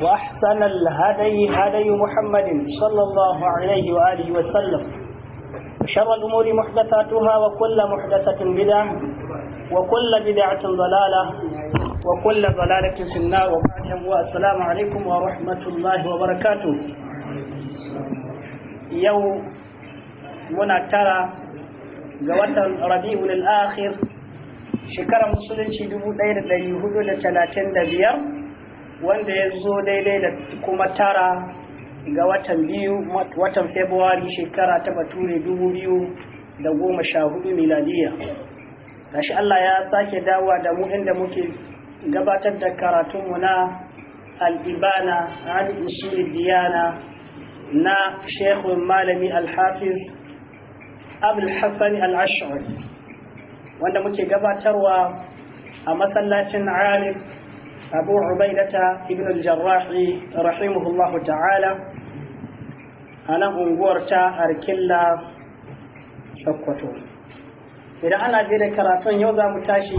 وأحسن الهدي هدي محمد صلى الله عليه وآله وسلم وشر الأمور محدثاتها وكل محدثة بدعة وكل بدعة ضلالة وكل ضلالة في النار وبعدهم والسلام عليكم ورحمة الله وبركاته يوم منا ترى جوات ربيع للآخر شكرا مسلم شي دير داير دا يهود دا 35 wanda ya zo daidai da kuma tara ga watan biyu watan februari shekara ta bature dubu biyu da goma sha hudu miladiya gashi Allah ya sake dawa da mu inda muke gabatar da karatunmu na al'ibana an usulul diyana na shekhu malami alhafiz abul hassan al'ashari wanda muke gabatarwa a masallacin alif أبو عبيدة ابن الجراح رحمه الله تعالى أنا أنقورتا أركلا شكوتو إذا أنا جيري كراتون يوضا tashi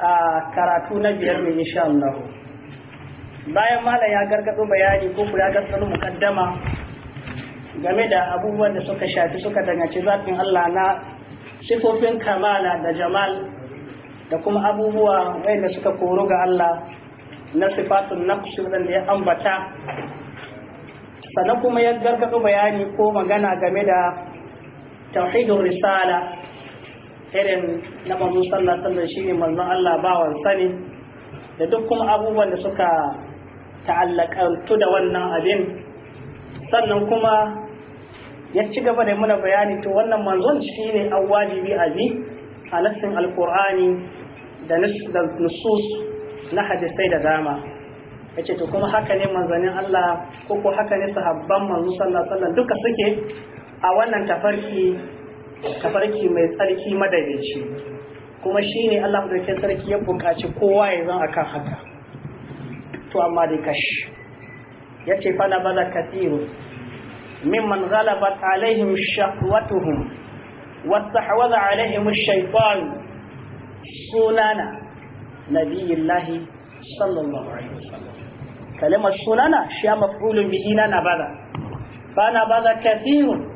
a karatu na biyar mu insha bayan mala ya gargado bayani ko ya mu kaddama game da abubuwan da suka shafi suka dangaci zafin Allah na sifofin kamala da jamal da kuma abubuwa wayanda suka koro ga Allah na sifatun naqsu da ya ambata sannan kuma ya gargado bayani ko magana game da tauhidin risala irin na manzo sallallahu alaihi wasallam shine manzon Allah bawan sani da duk kuma abubuwan da suka ta'allakantu da wannan abin sannan kuma ya ci gaba da muna bayani to wannan manzon shine an wajibi abi a nassin alqur'ani da nusus na hadisai da dama ya ce to kuma haka ne manzannin Allah ko ko haka ne sahabban manzo sallallahu duka suke a wannan tafarki mai tsarki madaidaici kuma shi ne Allah madaukakin tsarki ya bukaci kowa ya zan akan haka to amma da kashi ya ce fa na baza kathiru mimman ghalabat alaihim shahwatuhum واستحوذ alaihim Shaifan. sunana nabiyillahi sallallahu alaihi wasallam kalimar sunana shi ya mafulun bihi na na Ba na baza kathirun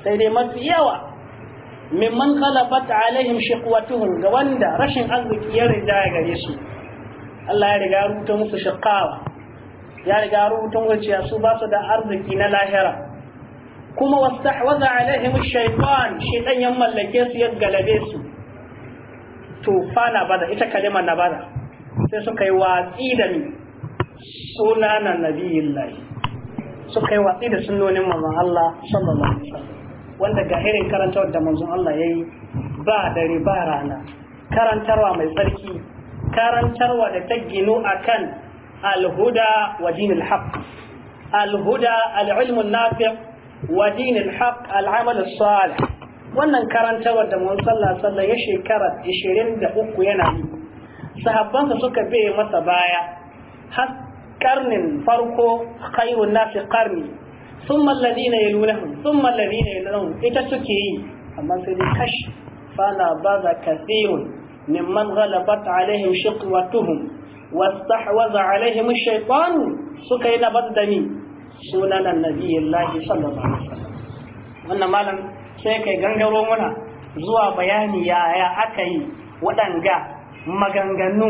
sai dai mafi yawa mimman kalabat alaihim shiqwatuhum ga wanda rashin arziki ya riga ya gare su Allah ya riga rubuta musu shiqawa ya riga rubuta musu cewa su ba su da arziki na lahira kuma wastahwaza alaihim shaytan shaytan ya mallake su ya galabe su to fa na bada ita kalima na bada sai suka yi watsi da ni suna na nabiyin lahi suka yi watsi da sunonin manzon Allah sallallahu alaihi wasallam wanda ga irin karantarwar da manzon Allah yayi ba dare ba rana karantarwa mai tsarki karantarwa da ta gino akan alhuda wa dinil haqq alhuda al-ilmu an-nafi' wa dinil haqq al salih wannan karantawar da mun sallah sallah ya shekara 23 yana yi sahabbansa suka bai masa baya har karnin farko khairun nasi karni thumma alladhina yalunahum thumma alladhina yalunahum ita suke yi amma sai dai kash fana baza kathirun mimman ghalabat alaihim shiqwatuhum واستحوذ عليهم الشيطان سكينة بدني na النبي الله صلى الله عليه وسلم wannan malam sai kai gangaro muna zuwa bayani yaya aka yi waɗanga maganganu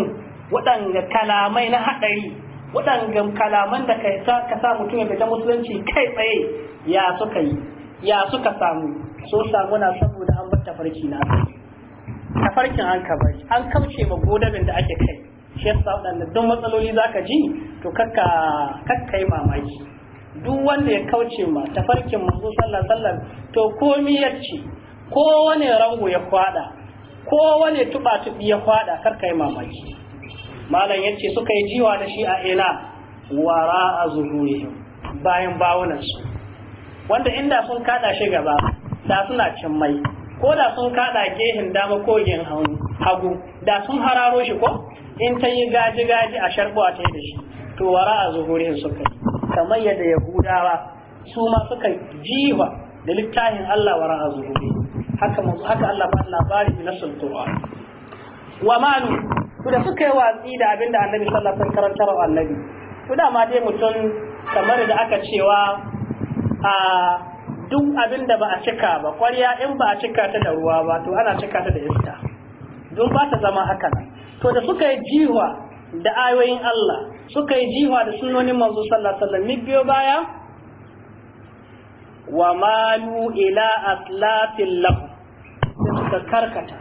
waɗanga kalamai na haɗari waɗanga kalaman da ka sa mutum ya fita musulunci kai tsaye ya suka yi ya suka samu so samu na saboda an bar tafarki na tafarkin an ka bari an kauce ma godarin da ake kai shi yasa waɗanda duk matsaloli za ka ji to kakka kakka yi mamaki duk wanda ya kauce ma tafarkin manzo sallallahu alaihi wasallam to komi ya ci ko wani rango ya kwada ko wani tuba tubi ya kwada kar yi mamaki malam ce suka yi jiwa da shi a ina wara a zuhurihim bayan bawunansu wanda inda sun kada shi gaba da suna cin mai ko da sun kada gehin dama kogin gehin hagu da sun hararo shi ko in ta yi gaji gaji a sharbuwa ta yi da shi to wara a zuhurihim suka yi kamar yadda yahudawa su ma suka jiwa da littafin Allah wa ra'a zuhuri haka manzo haka Allah ba labari na sulqur'an wa malu ku da suka yi watsi da abinda annabi sallallahu alaihi wasallam karantar annabi ku da ma dai mutum kamar da aka cewa a duk abinda ba a cika ba ƙwarya in ba a cika ta da ruwa ba to ana cika ta da iska don ba ta zama haka nan to da suka yi jiwa da ayoyin Allah suka yi jiwa da sunnonin manzo sallallahu alaihi wasallam biyo baya wa malu ila aslafin lahum suka karkata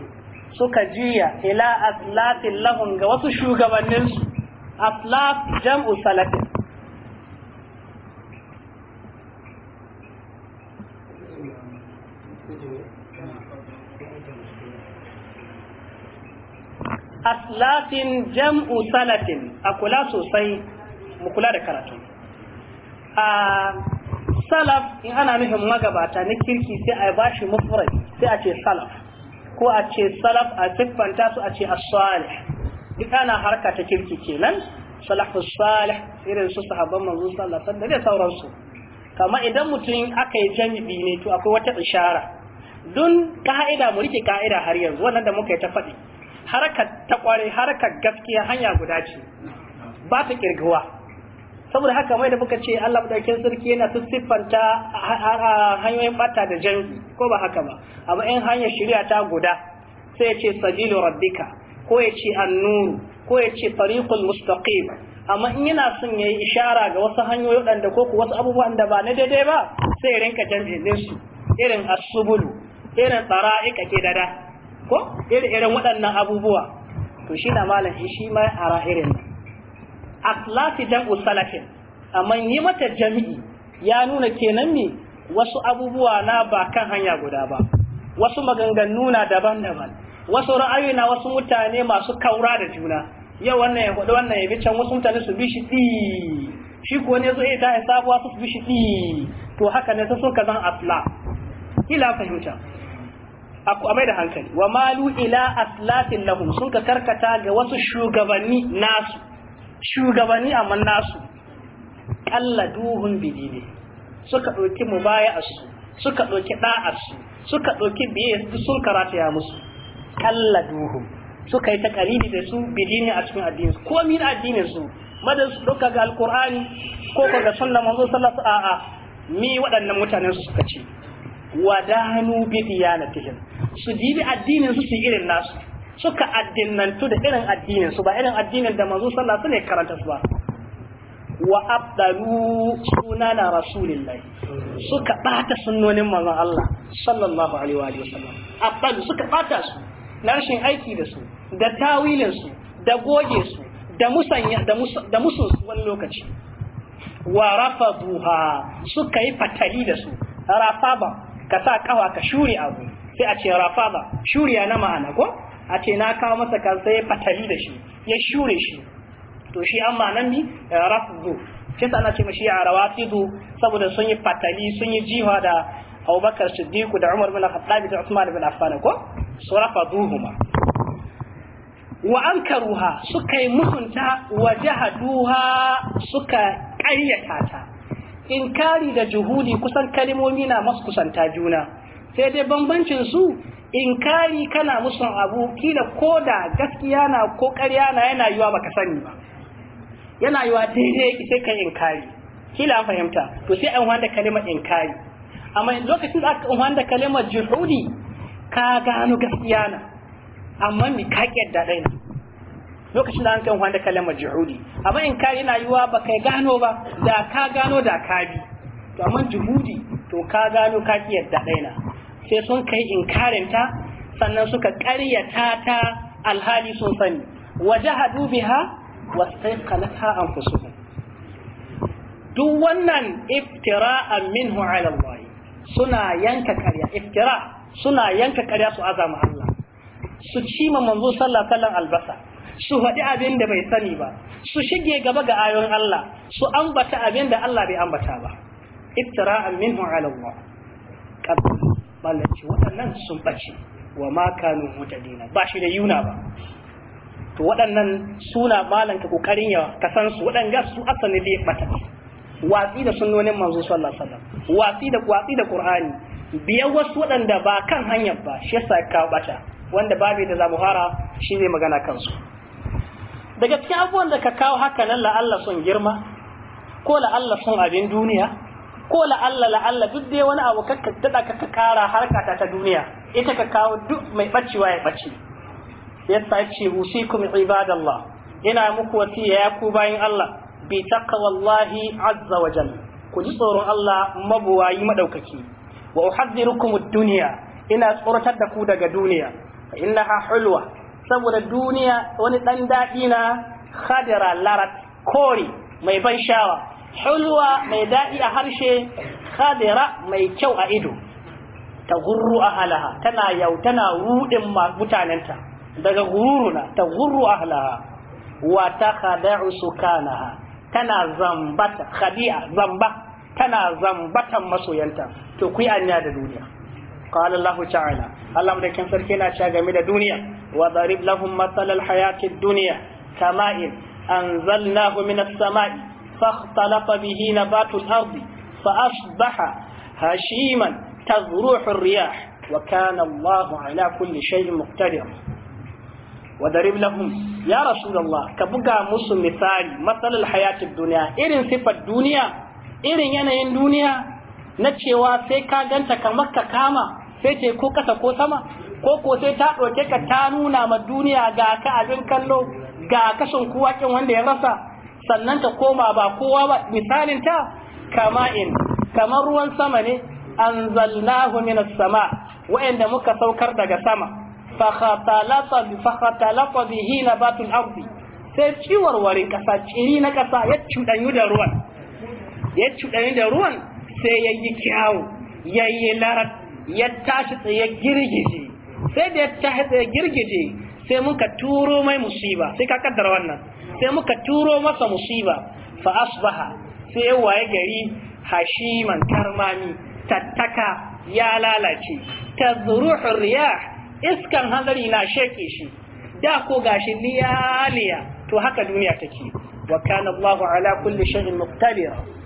suka jiya ila aslafin lahum ga wasu su aslaf jam'u salafin aslafin jam'u salatin a kula sosai mu kula da karatu ah, salaf in ana nufin magabata na kirki sai a bashi mufrad sai a ce salaf ko a ce salaf a siffanta su a ce as-salih duk ana harka ta kirki kenan salafu salih irin su sahabban manzo sallallahu alaihi da sauransu kamar idan mutum aka yi jami'i ne to akwai wata ishara dun ka'ida mu rike ka'ida har yanzu wannan da muka ta faɗi harkar ta kware harkar gaskiya hanya guda ce ba ta kirguwa saboda haka mai da muka ce Allah madaukakin sarki yana siffanta hanyoyin bata da jami'i ko ba haka ba amma in hanyar shari'a ta guda sai ya ce sabilu rabbika ko ya ce annur ko ya ce tariqul mustaqim amma in yana son yayi ishara ga wasu hanyoyi waɗanda ko ku wasu abubuwan da ba na daidai ba sai ya rinka jami'in su irin asubulu irin tsara'ika ke dada ko irin irin waɗannan abubuwa to shi na malam shi ma ara irin nan aslati dan salafin amma yi mata jami'i ya nuna kenan ne wasu abubuwa na ba kan hanya guda ba wasu maganganu na daban-daban wasu ra'ayi na wasu mutane masu kaura da juna yau wannan ya faɗi wannan ya bi can wasu mutane su bi shi ɗi shi ko ne zo ita ya sabuwa su bi shi ɗi to haka ne ta so ka zan asla ila fahimta aku amai da hankali wa malu ila aslatin lahum sun ka karkata ga wasu shugabanni nasu shugabanni amma nasu ƙalla duhun ne suka ɗauki su suka ɗauki su suka ɗauki biye sun karata ya musu ƙalla duhun suka yi ta kalili da su ne a cikin addini ko min addini su madan su ɗauka ga alƙur'ani ko ko ga sunna manzo sallallahu alaihi a'a mi waɗannan mutanen su suka ce wadanu bi diyanatihim su dibi addinin su su irin nasu suka addinantu da irin addinin su ba irin addinin da manzo sallallahu alaihi wasallam karanta su ba wa abdalu sunana rasulillahi suka bata sunnonin manzon Allah sallallahu alaihi wa sallam abdal suka bata su na rashin aiki da su da tawilin su da goge su da musanya da musun su wani lokaci wa rafaduha suka yi fatali da su rafaba ka sa kawa ka shuri abu sai a ce rafaba shuriya na ma'ana ko a ce na kawo masa kansa ya fatali da shi ya shure shi to shi amma nan ni eh, rafdu shi sana ana ce mashi a rawafidu saboda sun yi fatali sun yi jiha da Abubakar Siddiq da Umar bin Khattab da usman bin Affan ko su rafaduhuma wa ankaruha suka yi musunta wa jahaduha suka ƙaryata ta inkari da juhudi kusan kalimomi na masu kusanta juna sai dai bambancin su inkari kana musun abu kila ko da gaskiya na ko ƙarya na yana yiwa baka sani ba yana yiwa daidai sai ka inkari kila an fahimta to sai an wanda kalimar inkari amma lokacin da aka wanda kalimar juhudi ka gano gaskiya na amma mi ka yadda dai lokacin da an kan wanda kalimar juhudi amma inkari yana yiwa baka gano ba da ka gano da ka bi to amma juhudi to ka gano ka yadda dai na sai sun kai inkarinta sannan suka ƙaryata ta alhali sun sani wajahadu biha an anfusuhum duk wannan iftira'an minhu 'ala Allah suna yanka karya. iftira suna yanka karya su azama Allah su ci ma manzo sallallahu alaihi wasallam albasa su faɗi abin da bai sani ba su shige gaba ga ayoyin Allah su ambata abin da Allah bai ambata ba iftira'an minhu 'ala Allah malam ce waɗannan sun ɓace wa makanin kanu mutadina ba shi da yuna ba to waɗannan suna malam ka ƙoƙarin ya kasan su waɗanga su asali da bata watsi da sunonin manzo sallallahu alaihi wasallam watsi da watsi da qur'ani biyan wasu waɗanda ba kan hanyar ba shi yasa ka ɓata. wanda babu da zamuhara shi ne magana kansu daga cikin abubuwan da ka kawo haka nan la Allah girma ko la Allah abin duniya ko la'alla la'alla duk dai wani abu kakka daɗa ka kara harka ta duniya ita ka kawo duk mai ɓacewa ya ɓace yasa ya ce usikum ibadallah ina muku wasiya ya ku bayan Allah bi taqwallahi azza wa jalla ku ji tsoron Allah mabuwayi madaukaki wa uhaddirukum ad-dunya ina tsoratar da ku daga duniya fa innaha hulwa saboda duniya wani dan dadi na khadira larat kori mai ban shawa hulwa mai daɗi a harshe khadira mai kyau a ido ta gurru a halaha tana yau tana rudin mutanenta daga gururuna ta gurru a halaha wa ta khada'u sukanaha tana zambata khadi'a zamba tana zambatan masoyanta to ku yi anya da duniya قال الله تعالى الله مدكن سركينا شا game da duniya wa darib lahum matalal hayatid dunya kama'in anzalnahu minas فاختلط به نبات الأرض فأصبح هشيما تزروح الرياح وكان الله على كل شيء مقتدرا وضرب لهم يا رسول الله كبقى مس مثال مثل الحياة الدنيا إرن صفة الدنيا إرن ينين الدنيا نتشوا سيكا جنتا كمكة كاما sai ce ko kasa ko sama ko ko sai ta ɗauke ka ta nuna ma duniya ga ka abin kallo ga kashin kuwakin wanda ya rasa sannan ta koma ba kowa ba misalin ta kama'in kamar ruwan sama ne anzalnahu minas sama wa'anda muka saukar daga sama fa khatalata bi fa khatalata bihi nabatul ardi sai ciwarwarin kasa ciri na kasa ya cudanyu da ruwan ya cudanyu da ruwan sai ya yi kyawu ya yi larat ya tashi tsaye girgije sai da ya tashi tsaye girgije sai muka turo mai musiba sai ka kaddara wannan sai muka turo masa musiba fa asbaha sai ya waye gari hashiman karmami tattaka ya lalace tazruhu riyah iskan hanzari na sheke shi da ko gashi liyaliya to haka duniya take wa kana Allahu ala kulli shay'in muqtadira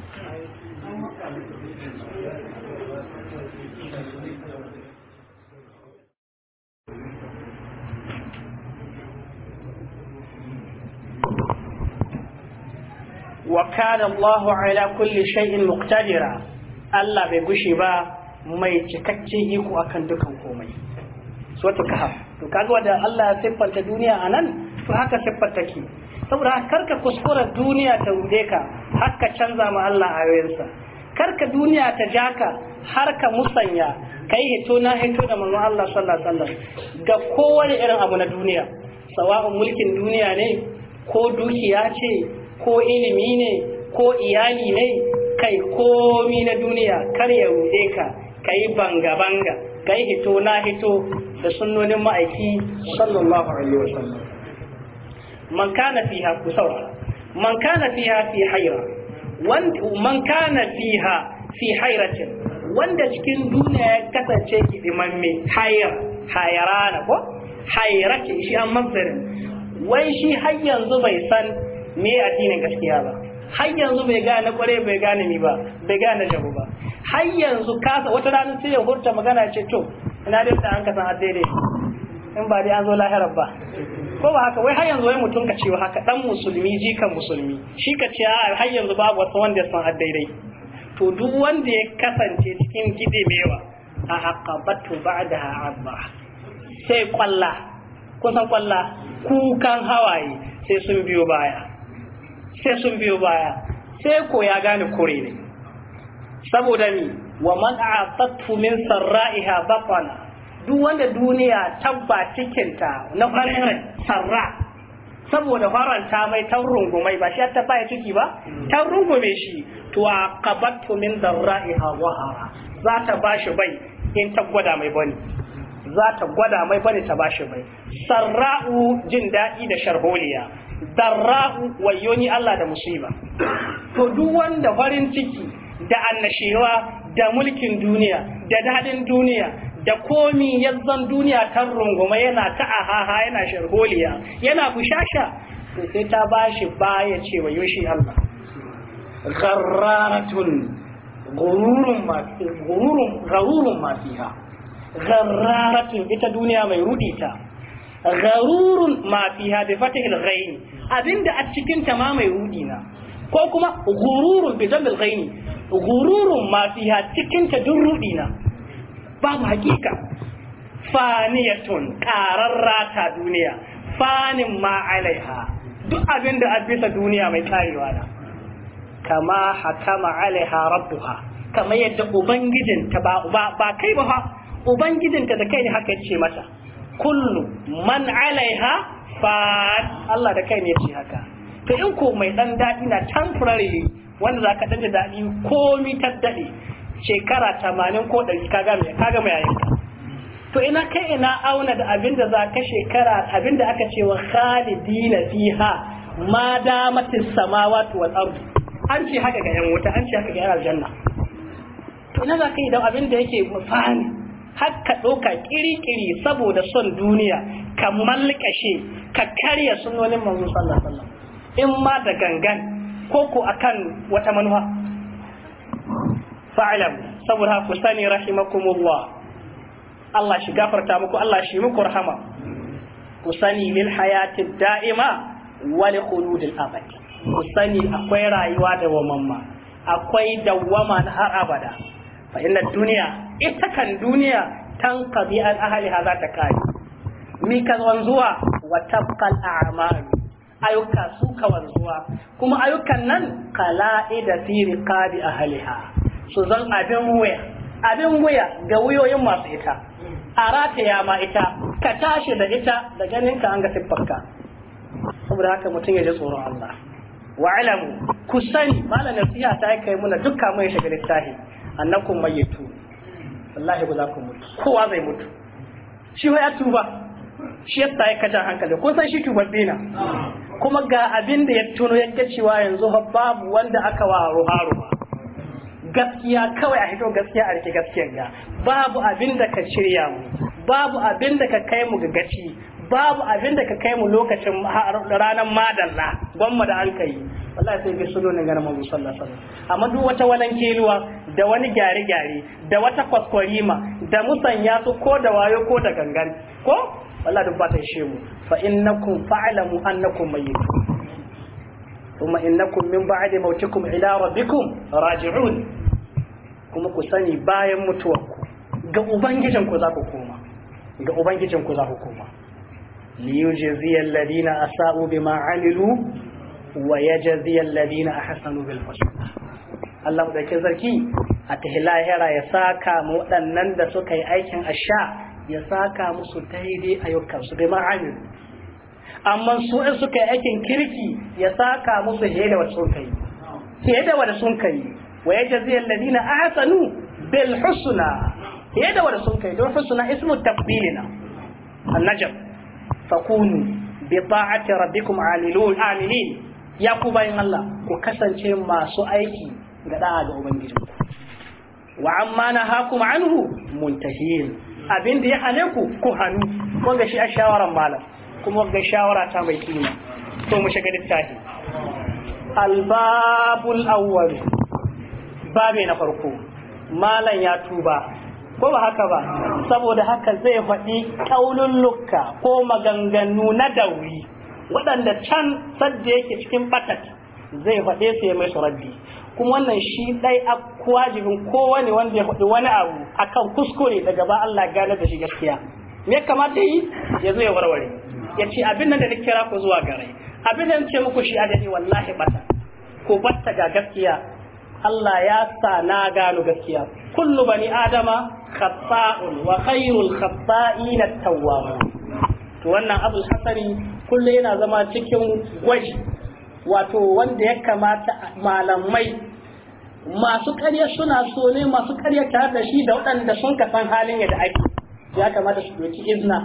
wa kana Allahu ala kulli shay'in muqtadira Allah bai gushi ba mai cikakken iko akan dukan komai suratul kahf to kaga wanda Allah ya siffanta duniya anan to haka siffanta ki saboda haka karka kuskura duniya ta rude ka haka canza ma Allah ayoyinsa karka duniya ta jaka har ka musanya kai hito na hito da manzon Allah sallallahu alaihi wasallam ga kowane irin abu na duniya sawa'un mulkin duniya ne ko dukiya ce ko ilimi ne ko iyali ne kai komi na duniya kar ya rude ka kai banga banga kai hito na hito da sunnonin ma'aiki sallallahu alaihi wasallam man kana fiha ku man kana fiha fi hayra man kana fiha fi hayratin wanda cikin duniya ya kasance kidimamme hayar hayarana ko hayrake shi an mazarin wai shi har yanzu bai san me addinin gaskiya ba har yanzu bai gane kware bai gane ni ba bai gane jabu ba har yanzu kasa wata rana sai ya hurta magana ce to ina dai ta an kasan addai in ba dai an zo lahirar ba ko ba haka wai har yanzu wai mutum ka ce haka dan musulmi jikan musulmi shi ka ce a har yanzu babu wata wanda ya san addai to duk wanda ya kasance cikin gide mewa a aqabatu ba'daha abba sai kwalla kusan kwalla kukan hawaye sai sun biyo baya sai sun biyo baya sai ko ya gane kore ne saboda ni wa man a'attu min sarra'iha baqana duk wanda duniya tabba cikinta na farin sarra saboda ta mai ta rungumai ba shi ta baya ciki ba ta rungume shi to a qabattu min darra'iha wahara za ta bashi bai in ta gwada mai bane za ta gwada mai bane ta bashi bai sarra'u jin daɗi da sharholiya darrahu wayoni Allah da musiba to duk wanda farin ciki da annashewa da mulkin duniya da dadin duniya da komi yanzan duniya kan runguma yana ta ahaha yana sharholiya yana kushasha, to sai ta bashi baya ce yoshi Allah gharratun gururun gururun gharratun ita duniya mai rudi ta gharurun ma fiha bi fatihil ghain abinda a cikin ta ma mai rudi na ko kuma gururun bi jamil ghaini gururun ma fiha cikin ta dun rudi na babu hakika faniyatun qararra ta duniya fanin ma alaiha duk abinda a bisa duniya mai karewa na kama hakama alaiha rabbuha kamar yadda ubangijinta ba ba kai ba fa ubangijinta da kai ne haka ce mata kullu man alaiha rabban Allah da kai ne ya ce haka to in ko mai dan daɗi na temporary wanda za ka dade daɗi komi ta daɗe shekara tamanin ko ɗari ka gama kaga mai yayin to ina kai ina auna da abin da za ka shekara abin da aka ce wa khalidina fiha ma damatis samawati wal ardi an ce haka ga yan wuta an ce haka ga yan aljanna to ina za ka yi da abin da yake mafani har ka ɗauka ƙiri-ƙiri saboda son duniya ka malkashe ka karya sunonin manzon sallallahu alaihi wasallam in ma da gangan ko ko akan wata manufa fa'alam saboda ku sani rahimakumullah Allah shi gafarta muku Allah shi muku rahama ku sani lil hayatid da'ima wa li khuludil abad ku sani akwai rayuwa da wamamma akwai dawwama na har abada fa inna dunya ita kan duniya tan ƙabi'ar an za ta kai mi kan wanzuwa wa tabqa al ayyuka su ka wanzuwa kuma ayukan nan qala'ida fi qabi ahliha su zan abin wuya abin wuya ga wuyoyin masu ita a rataya ma ita ka tashi da ita da ganin ka an ga siffarka saboda haka mutum ya ji tsoron Allah wa alamu ku sani malam nasiha ta yi kai muna dukkan mai shiga littafi annakum mayyitu wallahi ba za ku mutu kowa zai mutu shi ya tuba shi yasa ya kaja hankali ko san shi tubabbe na kuma ga abin da ya tuno ya cewa yanzu babu wanda aka wa ruharu gaskiya kawai a hito gaskiya a rike gaskiyar ga babu abin da ka shirya mu babu abin da ka kai mu ga gaci babu abin da ka kai mu lokacin ranar madalla gwamma da an kai wallahi sai ga sunan ga namu sallallahu alaihi wasallam amma duk wata walankeluwa da wani gyare gyare da wata kwaskwarima da musanya su ko da wayo ko da gangan ko wallahi duk ba ta ishe mu fa innakum fa'lamu annakum mayyit kuma innakum min ba'di mawtikum ila rabbikum raji'un kuma ku sani bayan mutuwarku ga ubangijinku za ku koma ga ku za ku koma liyujziyal ladina asa'u bima 'amilu wa yajzi alladhina ahsanu bil husna Allah da ke zarki a ta lahira ya saka mu waɗannan da suka yi aikin asha ya saka musu daidai ayyukan su bi ma'amil amma su in suka yi aikin kirki ya saka musu fiye da wata sun kai fiye da wata sun kai wa yajzi alladhina ahsanu bil husna fiye da wata sun kai don husna ismu taqbilina annajm fakunu bi ta'ati rabbikum amilun amilin ya ku bayan Allah ku kasance masu aiki ga da'a ga ubangiji wa amma na hakum anhu muntahin abin da ya hane ku ku hannu ga shi a shawaran malam kuma ga shawara ta mai kima to mu shiga littafi albabul awwal babe na farko malam ya tuba ko ba haka ba saboda haka zai faɗi Lukka ko maganganu na dauri waɗanda can sadda yake cikin batat zai faɗe su ya mai su rabbi kuma wannan shi ɗai a wajibin kowane wanda ya faɗi wani abu akan kuskure daga ba Allah gane da shi gaskiya me kamata yi ya zo ya warware ya ce abin nan da na kira ku zuwa gare abin nan ce muku shi adadi wallahi bata ko bata ga gaskiya Allah ya sa na gano gaskiya kullu bani adama khata'un wa khairul khata'ina tawwabun to wannan abul hasari kullum yana zama cikin gwaji wato wanda ya kamata malamai masu karya suna so ne masu karya tare da shi da waɗanda sun ka san halin yadda ake ya kamata su ɗauki izna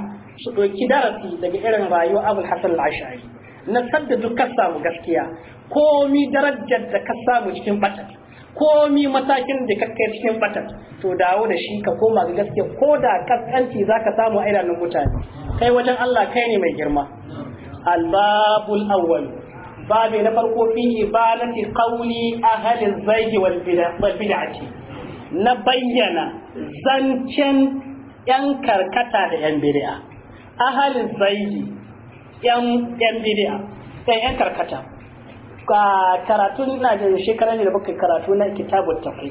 su ɗauki darasi daga irin rayuwar abul hasan al-ashari na sadda duk ka samu gaskiya komi darajar da ka samu cikin batat komi matakin da ka kai cikin batat to dawo da shi ka koma ga gaskiya ko da kaskanci zaka samu a idanun mutane kai wajen Allah kai ne mai girma albabul awwal babi na farko fi ibadati qawli ahli zaidi wal bid'ati na bayyana zancen yan karkata da yan bid'a ahli zaidi yan yan bid'a kai yan karkata Karatu ina da shekarar da muka karatu na kitabut tafsir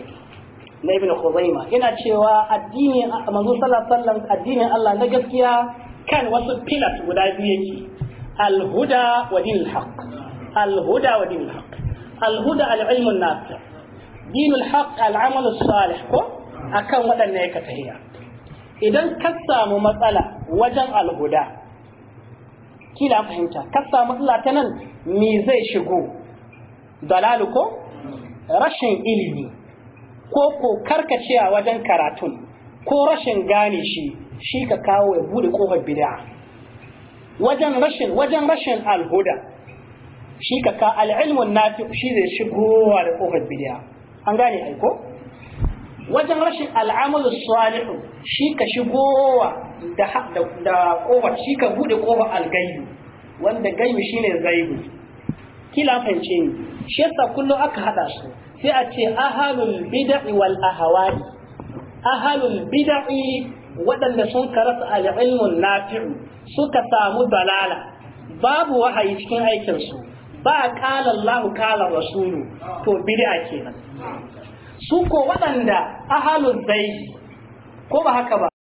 na ibn khuzaima yana cewa addini manzo sallallahu alaihi wasallam addinin Allah na gaskiya kan wasu pillars guda biyu yake alhuda wa dinul haq alhuda wa dinul haq alhuda al-ilmun nafi dinul haq al-amal salih ko akan waɗannan ka tahiya idan ka samu matsala wajen alhuda kila fahimta ka samu matsala ta nan me zai shigo dalalu ko rashin ilimi ko ko karkacewa wajen karatun ko rashin gane shi shi ka kawo ya bude kofar bid'a wajen rashin wajen rashin alhuda shi ka ka al'ilmun nafi shi zai shigowa da kofar bid'a an gane aiko wajen rashin al'amalu salihu shi ka shigowa da da kofar shi ka bude kofar algayyu wanda gayyu shine zaibu kila fahimce ni shi yasa kullum aka hada su sai a ce ahalul bid'i wal ahwa'i ahalul bid'i waɗanda sun karasa al'ilmun nafi'u suka samu dalala babu wahayi cikin aikinsu ba kala Allah kala rasulu to a kenan su ko waɗanda ahalun zai ko ba haka ba